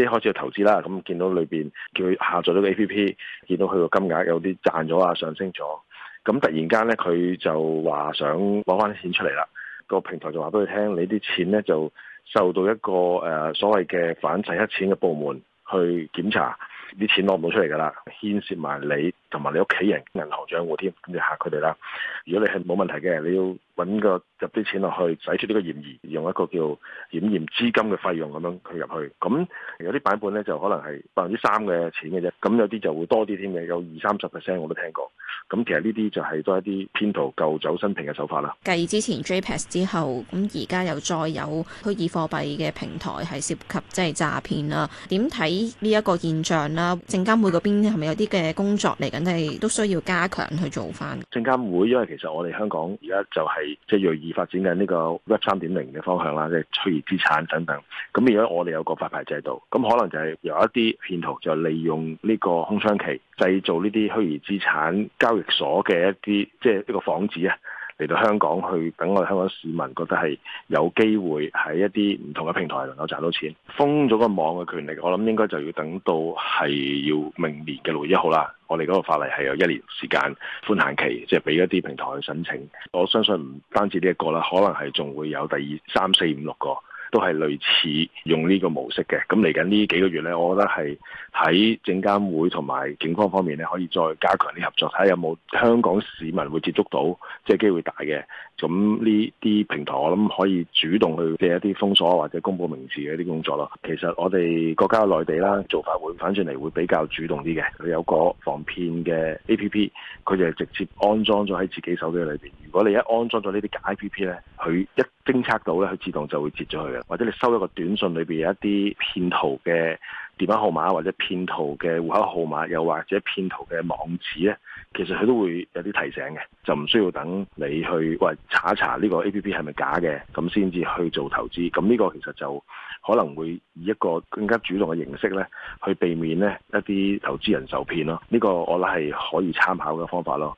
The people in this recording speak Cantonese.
即開始去投資啦，咁見到裏邊叫佢下載咗個 A P P，見到佢個金額有啲賺咗啊，上升咗，咁突然間咧佢就話想攞翻啲錢出嚟啦，個平台就話俾佢聽，你啲錢咧就受到一個誒、呃、所謂嘅反洗黑錢嘅部門去檢查，啲錢攞唔到出嚟噶啦，牽涉埋你同埋你屋企人銀行賬戶添，咁就嚇佢哋啦。如果你係冇問題嘅，你要。揾個入啲錢落去，使出呢個嫌疑，用一個叫檢驗資金嘅費用咁樣去入去。咁有啲版本咧就可能係百分之三嘅錢嘅啫，咁有啲就會多啲添嘅，有二三十 percent 我都聽過。咁其實呢啲就係多一啲騙徒舊酒新瓶嘅手法啦。繼之前 JPEX 之後，咁而家又再有虛擬貨幣嘅平台係涉及即係、就是、詐騙啦。點睇呢一個現象啦？證監會嗰邊係咪有啲嘅工作嚟緊係都需要加強去做翻？證監會因為其實我哋香港而家就係、是。即係銳意發展緊呢個 Web 三點零嘅方向啦，即係虛擬資產等等。咁如果我哋有個發牌制度，咁可能就係有一啲騙徒就利用呢個空窗期，製造呢啲虛擬資產交易所嘅一啲，即係呢個幌子啊！嚟到香港去等我哋香港市民覺得係有機會喺一啲唔同嘅平台能夠賺到錢，封咗個網嘅權力，我諗應該就要等到係要明年嘅六月一號啦。我哋嗰個法例係有一年時間寬限期，即係俾一啲平台去申請，我相信唔單止呢一個啦，可能係仲會有第二、三四五六個。都係類似用呢個模式嘅，咁嚟緊呢幾個月呢，我覺得係喺證監會同埋警方方面呢，可以再加強啲合作，睇下有冇香港市民會接觸到，即係機會大嘅。咁呢啲平台我諗可以主動去借一啲封鎖或者公佈名字嘅一啲工作咯。其實我哋國家內地啦，做法會反轉嚟會比較主動啲嘅，佢有個防騙嘅 A P P，佢就直接安裝咗喺自己手機裏面。如果你一安裝咗呢啲假 A P P 呢，佢一偵測到咧，佢自動就會截咗佢嘅，或者你收一個短信裏面有一啲騙徒嘅電話號碼，或者騙徒嘅戶口號碼，又或者騙徒嘅網址咧，其實佢都會有啲提醒嘅，就唔需要等你去喂查一查呢個 App 係咪假嘅，咁先至去做投資。咁呢個其實就可能會以一個更加主動嘅形式咧，去避免咧一啲投資人受騙咯。呢個我諗係可以參考嘅方法咯。